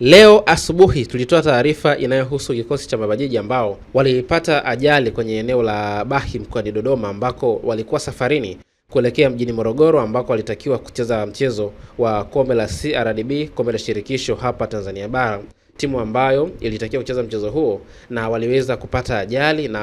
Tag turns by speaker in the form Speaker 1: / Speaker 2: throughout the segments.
Speaker 1: Leo asubuhi tulitoa taarifa inayohusu kikosi cha mabajaji ambao walipata ajali kwenye eneo la Bahi mkoani Dodoma ambako walikuwa safarini kuelekea mjini Morogoro ambako walitakiwa kucheza mchezo wa kombe la CRDB, kombe la shirikisho hapa Tanzania bara, timu ambayo ilitakiwa kucheza mchezo huo na waliweza kupata ajali na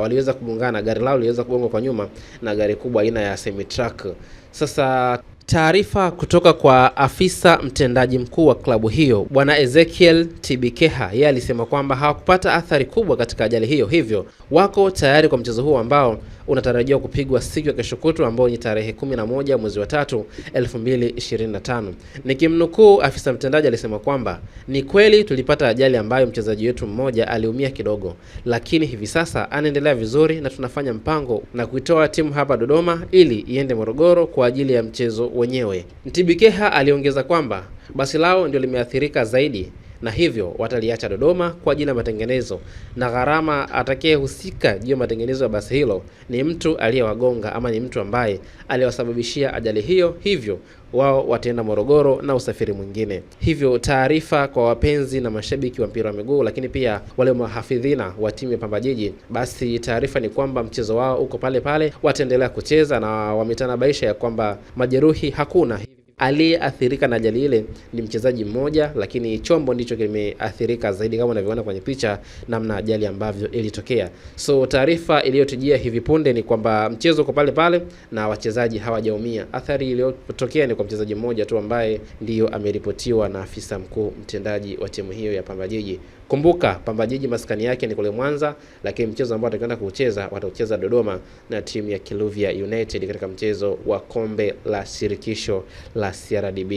Speaker 1: waliweza kugongana, gari lao liliweza kugongwa kwa nyuma na gari kubwa aina ya semi truck. Sasa Taarifa kutoka kwa afisa mtendaji mkuu wa klabu hiyo Bwana Ezekiel Tibikeha, yeye alisema kwamba hawakupata athari kubwa katika ajali hiyo, hivyo wako tayari kwa mchezo huo ambao unatarajiwa kupigwa siku ya kesho kutwa ambao ni tarehe 11 mwezi wa tatu 2025. Nikimnukuu afisa mtendaji alisema kwamba ni kweli tulipata ajali ambayo mchezaji wetu mmoja aliumia kidogo, lakini hivi sasa anaendelea vizuri na tunafanya mpango na kuitoa timu hapa Dodoma ili iende Morogoro kwa ajili ya mchezo wenyewe. Ntibikeha aliongeza kwamba basi lao ndio limeathirika zaidi na hivyo wataliacha Dodoma kwa ajili ya matengenezo, na gharama atakayehusika juu ya matengenezo ya basi hilo ni mtu aliyewagonga ama ni mtu ambaye aliyewasababishia ajali hiyo, hivyo wao wataenda Morogoro na usafiri mwingine. Hivyo taarifa kwa wapenzi na mashabiki wa mpira wa miguu, lakini pia wale mahafidhina wa timu ya Pamba Jiji, basi taarifa ni kwamba mchezo wao uko pale pale, wataendelea kucheza na wametanabaisha ya kwamba majeruhi hakuna aliyeathirika na ajali ile ni mchezaji mmoja, lakini chombo ndicho kimeathirika zaidi, kama unavyoona kwenye picha namna ajali ambavyo ilitokea. So taarifa iliyotujia hivi punde ni kwamba mchezo uko pale pale na wachezaji hawajaumia. Athari iliyotokea ni kwa mchezaji mmoja tu ambaye ndiyo ameripotiwa na afisa mkuu mtendaji wa timu hiyo ya Pamba Jiji Kumbuka Pamba Jiji maskani yake ni kule Mwanza, lakini mchezo ambao watakwenda kucheza watacheza Dodoma na timu ya Kiluvia United katika mchezo wa kombe la shirikisho la CRDB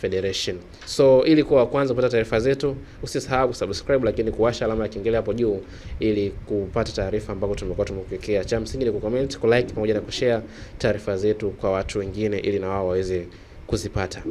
Speaker 1: Federation. So ili kuwa wa kwanza kupata taarifa zetu, usisahau kusubscribe lakini kuwasha alama ya kengele hapo juu ili kupata taarifa ambapo tumekuwa tumekuwekea. Cha msingi ni kucomment, kulike pamoja na kushare taarifa zetu kwa watu wengine ili na wao waweze kuzipata.